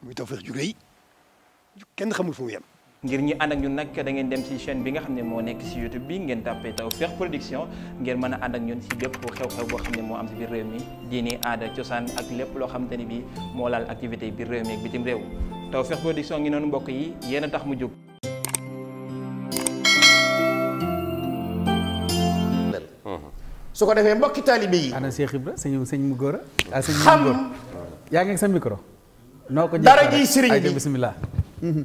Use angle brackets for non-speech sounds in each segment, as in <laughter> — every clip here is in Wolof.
muy Tawfekh ju rëy kenn xamul foofu mu ngir ñi ànd ak ñun nag da ngeen dem ci chaîne bi nga xam ne moo nekk ci YouTube bi ngeen tàppee Tawfekh Production ngeen mën a ànd ak ñun ci bépp xew-xew boo xam ne moo am ci biir réew mi diini aada cosaan ak lépp loo xamante ni bi moo laal activité biir réew mi ak bitim réew taw feex Production ngi noonu mbokk yi yéen a tax mu jóg. su ko defee mbokki taalibe yi. ana Cheikh Ibra sëñ sëñ mu góor a. ah sëñ mu yaa ngi ak sa noo ko dara ji sëriñ bi bismillah mhm.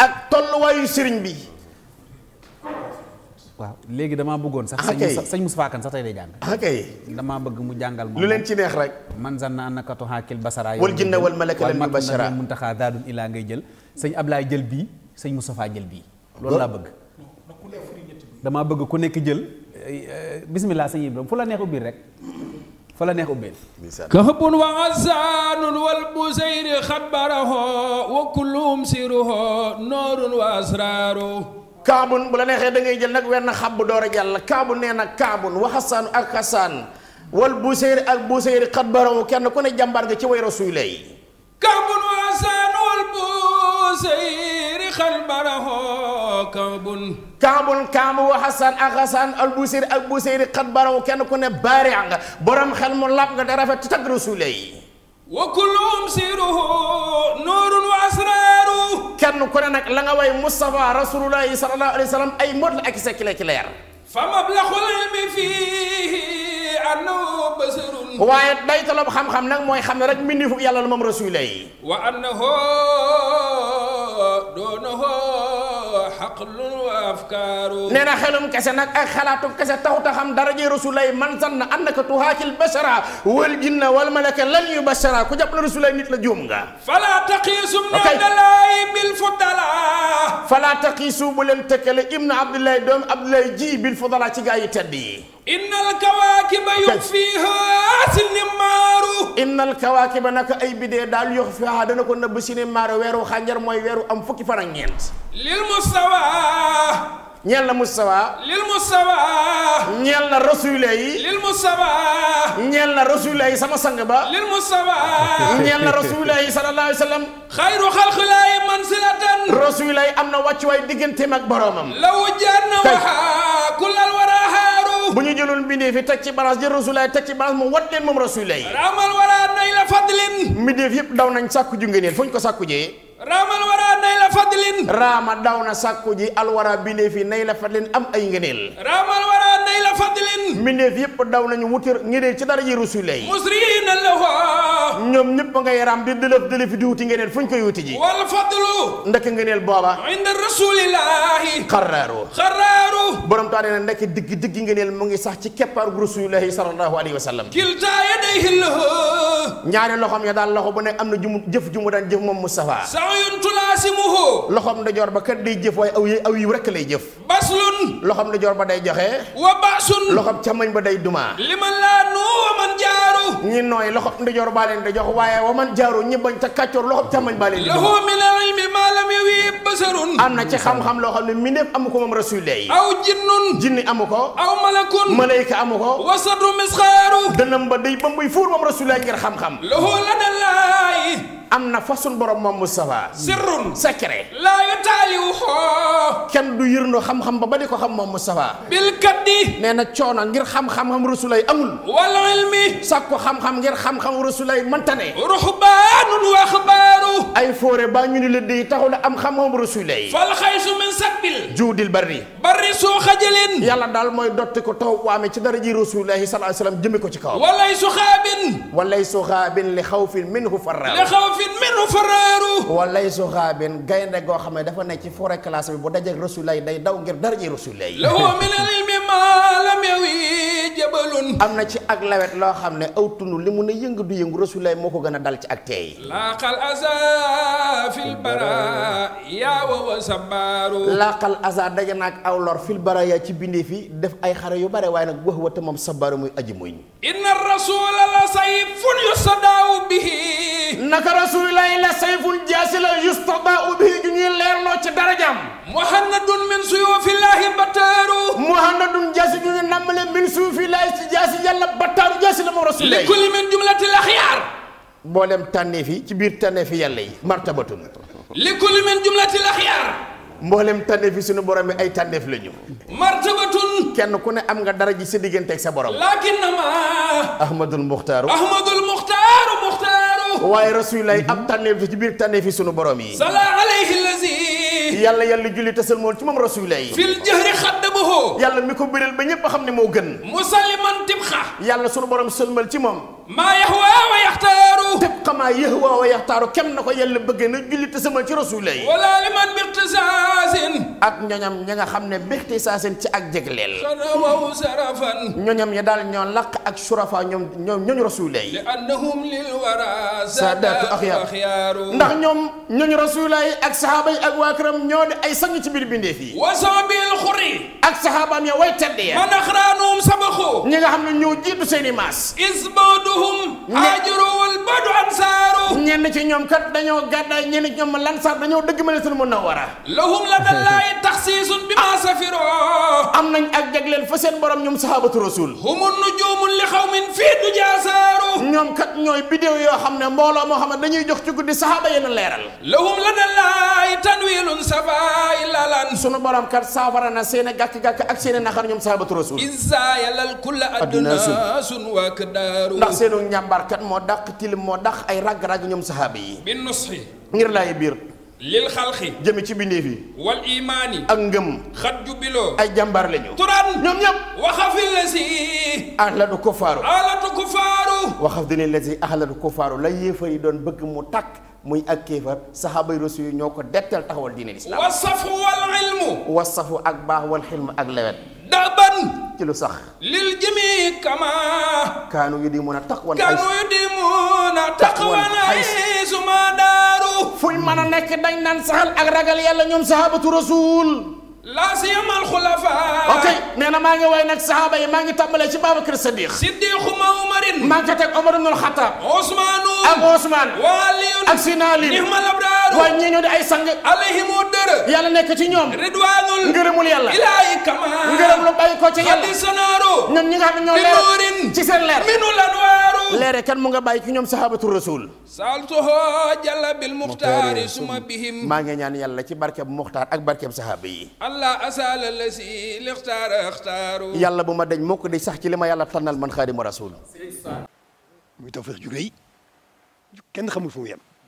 ak tolluwaayu sëriñ bi. waaw léegi damaa bëggoon sax. Ah, sëñ Moustapha Kane sax tey day jàng. Ah, damaa bëgg mu jàngal moom lu leen ci neex rek. man zanna annaka tuhaakil basara. wal jinna wal malaka lal mubashara wal muntaxa daadun ilaa ngay jël. sëñ Ablaye jël bii sëñ Moustapha jël bii. loolu laa bëgg. damaa bëgg ku nekk jël. Eh, eh, bismillah sëñ Ibrahima fu la neex ubbi rek. fa la neex ubbeen kahbun wa azaanun wal busayri xabaraho wa kullum siruho noorun wa asraaru kaabun bu neexee da ngay jël nag wenn xab door a jàll kaabun nee na kaabun wa xasaanu ak xasaan wa busayri ak busayri xabaraho kenn ku ne jàmbaar nga ci way rasuulay kaabun wa azaanu wal busayri xabaraho kaabun kaambul kaamb wa xasan ak xasan al kenn ku ne baari nga borom xel mu lab nga da rafet tag rasule yi wa kullum kenn ku ne nag la nga way Moustapha rasulullahi sallallahu alayhi wa ay mot la ak sa kile ci leer fa mablaxul ilmi fii annahu basarun waaye day toloob xam-xam nag mooy xam ne rek mbindifu yàlla la moom rasulullahi wa annahu doonahu nee na xelum kese nag ak xalaatum kese taxut a xam daraje rasulay man zanna annaka tuhaakil bashara wal jinna wal malaka lan yu bashara ku jàpp la rasulay nit la juum nga fala taqiisu abdalaay bil fudala fala taqiisu bu leen tëkkale ibnu abdullahi doom abdullahi ji bil fudala ci gaa yi tedd yi innal kawaakiba yox fiihaa sinimaaru innal kawaakiba naka ay bidee daal yox fiihaa dana ko nëbb sinimaaru weeru xànjar mooy weeru am fukki fan ak ñeent lil mustawaa ñeel na Moustapha. lil Moustapha. ñeel na Rasulé sama sang ba. lil Moustapha. ñeel na Rasulé yi sallallahu alayhi wa sallam. am na wàccuwaay digganteem ak boromam. law bu ñu jëloon bindee fi teg ci balance jël rasulaay teg ci balance moom wat leen moom rasulaay raamal yëpp daw nañ sàkku ju ngëneel ko sàkku jee raama daw na sàkku ji alwara mbindeef yi nay la fadlin am ay ngëneel raamal mbindeef yëpp daw nañu wutir ngëneel ci dara ji rasulaay musriina lahu ñoom ñëpp nga yaram di dëlëf dëlëf di wuti ngeneel fuñ koy wuti ji wal fadlu ndek ngeneel booba inda xaraaru borom taa nee na ndek digg digg ngeneel mu ngi sax ci keppaar gu rasulillahi sallallahu alayhi wa sallam kilta yadayhi ñaari loxom ya daal loxo bu ne am na jumu jëf jumu daan jëf moom sa sayun tulaasimuhu loxom ndajoor ba kat day jëf waaye aw yi aw yi rek lay jëf baslun loxom ndajoor ba day joxe wa basun loxom càmmoñ ba day duma ñi nooy loxob ndijoor baa leen waaye wa man jaaru ñi bañ ta kàccoor loxob càmmoñ baa leen di jox min al-ilmi ma lam basarun am na ci xam-xam loo xam ne mi mbindeef amu ko moom rasul yi aw jinnun jinni amu ko aw malakun malayka amu ko wasatu misxaaru dënam ba day ba bay fuur moom rasul yi ngir xam-xam lahu ladallaahi am na fasun borom moom Moustapha. sirrun secret. laa yu taaliwu kenn du yërndoo xam-xam ba ba di ko xam moom Moustapha. bil kaddi. nee na coono ngir xam-xam rasulay amul. wal ilmi. sakku xam-xam ngir xam-xam rasulay mantane. ruhbaanun wa axbaaru. ay foore ba ñu ni la di taxul am xam-xam rasulay. fal xaysu min sakbil. juudil barri. barri soo xajaleen. yàlla daal mooy dotti ko taw waame ci dara ji rasulahi sallallahu alayhi wa sallam jëme ko ci kaw. walay su xaabin. walay su xaabin li xawfin minhu farra. li xawfin minhu faraaru walay su xaabin gaynde goo xam ne dafa nekk ci forêt classée bi bu dajeeg rasulay day daw ngir daraje rasulay lahu min al-ilmi ma lam yawi am na ci ak lawet loo xam ne aw tund li mun a yëngu du yëngu rasulay moo ko gën a dal ci ak teey laqal aza fil bara yaa wawa sambaaru laaqal azar daje naag aw lor fil baraya ci bindee fi def ay xare yu bare waaye nag wax wa te moom sabaaru muy aji muñ inna rasula la sayfun yustadaaw bihi naka rasulillahi la sayfun jaasi la yustadaaw bihi ju ñuy leerloo ci darajam muhannadun min suyufillahi bataaru muhannadun jaasi ju ñu nammale min suyufillahi si jaasi yàlla bataaru jaasi la moom rasulillahi li kulli min jumlatil axyaar mboolem tànneef yi ci biir tànneef yi yàlla yi martabatun likulli min jumlatil axyaar mboolem tànneef yi suñu borom yi ay tànneef la ñu kenn ku ne am nga dara ji sa diggante ak sa borom lakinnama ahmadul muxtaaru ahmadul muxtaaru muxtaaru waaye rasulilaay ab tànneef ci biir tànneef yi suñu borom yi sala alayhi lazi yàlla yàlla julli tasal mool ci moom rasulilaay fil jahri yàlla mi ko biral ba ñëpp xam ne moo gën musalliman tibxa yàlla sunu borom sëlmal ci moom maa yaxwa wa yaxtaaru tibxa maa yaxwa wa yaxtaaru kenn na ko yàlla bëgg na julli te sëlmal ci rasulillah ak ñoñam ña nga xam ne bexti saa seen ci ak jégleel xanawaw sarafan ñoñam ña daal ñoo ak surafa ñoom ñoom ñooñu rasuulay li annahum lil wara ndax ñoom ñooñu ak saxaaba ak waa ñoo di ay sang ci biir bindee fii wasabil xuri ak saxaabaam ya way tedd ya man axraanuhum sabaxu ñi nga xam ne ñoo jiitu seeni maas isbaaduhum aajiru wal badu ansaaru ñenn ci ñoom kat dañoo gàddaay ñenn ci ñoom lansaar dañoo dëgg ma mun na wara lahum la <laughs> taxsiisun bi maa safiroo am nañ ak leen fa seen borom ñoom sahabatu rasul humu nujuumun li xawmin fii du jaasaaro ñoom kat ñooy bidéew yoo xam ne mbooloo moo xam ne dañuy jox ci guddi sahaaba yéen a leeral lahum lana laay tanwiilun safaay lalan sunu borom kat saafara na seen gàkk-gàkk ak seen naxar ñoom sahabatu rasul izaa yalal kulla adnaasun wa ndax seenu njàmbaar kat moo dàq tilim moo dàq ay ragg-ragg ñoom sahaaba yi bi nusxi ngir laay biir lil xalxi jëme ci bindeef yi wal imaani ak ngëm xat jubiloo ay jàmbaar la ñu turan ñoom ñëpp la si waxaf dine la si ahladu kufaaru la yéefar doon bëgg mu takk muy ak kéefar saxaabay rasul ñoo ko dettal taxawal diine lislaam wasafu wal ilmu wasafu ak baax wal xilmu ak lewet daban ci sax lil jëmi kama kaanu yu di mun a taqwan kaanu yu di taqwal xays suma daaru fuñ mën a nekk dañ naan saxal ak ragal yàlla ñoom sahabatu rasul laa siyamal xulafa ok nee na maa ngi way nag saxaaba yi maa ngi tàmbalee ci Babacar Sadiq ma Umarin maa ngi ko teg Omar ibnul Xataab Ousmaanu ak Ousmaan Waaliyun ak Sinaalin nihmal abraar waaye ñii ñoo di ay sang alayhimu dër yàlla nekk ci ñoom ridwaanul ngërëmul yàlla ilaahi kama ngërëm lu bàyyi ko ci yàlla xaddi sanaaru ñun ñi nga xam ne ñoo leer ci seen leer minu lanwaar leere kan mu nga bàyyi ci ñoom sahabatu rasul saltuho jalla bil muxtaari suma bihim maa ngi ñaan yàlla ci barkeb muxtaar ak barkeb sahaba yi allah asala lasi lixtaar axtaaru yàlla bu ma deñ mukk di sax ci li ma yàlla tànnal man xaadimu rasul muy tawfeex ju rëy kenn xamul fu mu